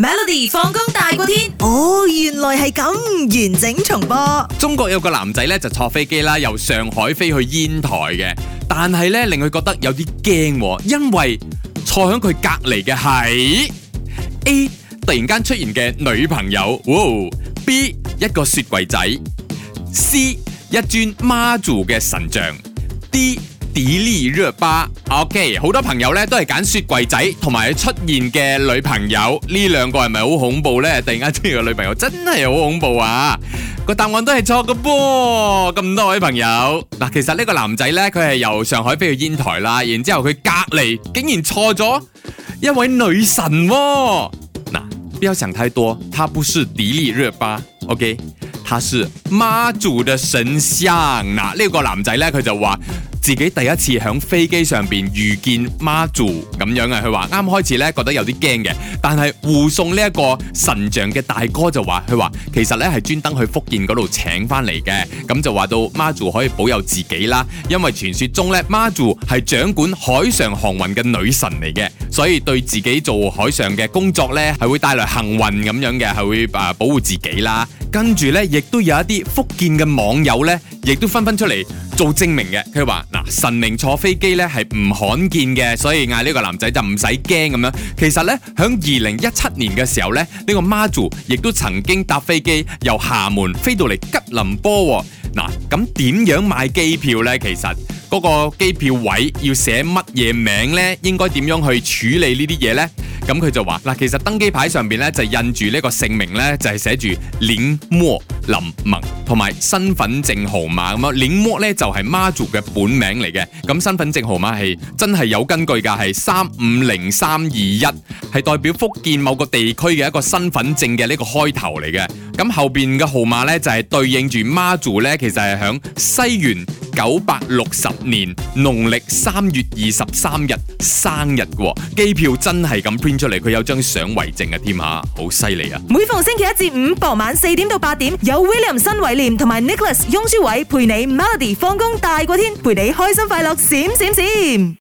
Melody 放工大過天，哦，原來係咁，完整重播。中國有個男仔咧，就坐飛機啦，由上海飛去煙台嘅，但係咧令佢覺得有啲驚，因為坐響佢隔籬嘅係 A，突然間出現嘅女朋友，B，一個雪櫃仔，C，一尊媽祖嘅神像，D。迪麗熱巴，OK，好多朋友咧都係揀雪櫃仔同埋出現嘅女朋友，呢兩個係咪好恐怖呢？突然間出現嘅女朋友真係好恐怖啊！個答案都係錯㗎噃，咁多位朋友，嗱，其實呢個男仔呢，佢係由上海飛去煙台啦，然之後佢隔籬竟然錯咗一位女神、哦，嗱，不要想太多，他不是迪麗熱巴，OK。他是媽祖的神像。嗱，呢個男仔呢，佢就話自己第一次響飛機上邊遇見媽祖咁樣啊，佢話啱開始呢覺得有啲驚嘅，但係護送呢一個神像嘅大哥就話佢話其實呢係專登去福建嗰度請翻嚟嘅，咁就話到媽祖可以保佑自己啦，因為傳說中呢，媽祖係掌管海上航運嘅女神嚟嘅，所以對自己做海上嘅工作呢，係會帶來幸運咁樣嘅，係會保護自己啦。跟住呢，亦都有一啲福建嘅網友呢，亦都紛紛出嚟做證明嘅。佢話：嗱，神明坐飛機呢係唔罕見嘅，所以嗌呢個男仔就唔使驚咁樣。其實呢，響二零一七年嘅時候呢，呢個媽祖亦都曾經搭飛機由廈門飛到嚟吉林波喎。嗱，咁點樣買機票呢？其實嗰個機票位要寫乜嘢名呢？應該點樣去處理呢啲嘢呢？咁佢就話嗱，其實登機牌上邊咧就印住呢個姓名咧就係、是、寫住林默林盟，同埋身份證號碼咁啊。林默咧就係、是、Mazu 嘅本名嚟嘅。咁身份證號碼係真係有根據㗎，係三五零三二一係代表福建某個地區嘅一個身份證嘅呢個開頭嚟嘅。咁後邊嘅號碼咧就係、是、對應住 Mazu 咧，其實係響西元，九百六十年農曆三月二十三日生日嘅機、哦、票真係咁 print 出嚟，佢有張相為證嘅添吓，好犀利啊！啊每逢星期一至五傍晚四點到八點，有 William 新偉廉同埋 Nicholas 雍舒偉陪你 Melody 放工大過天，陪你開心快樂閃閃閃，閃閃閃。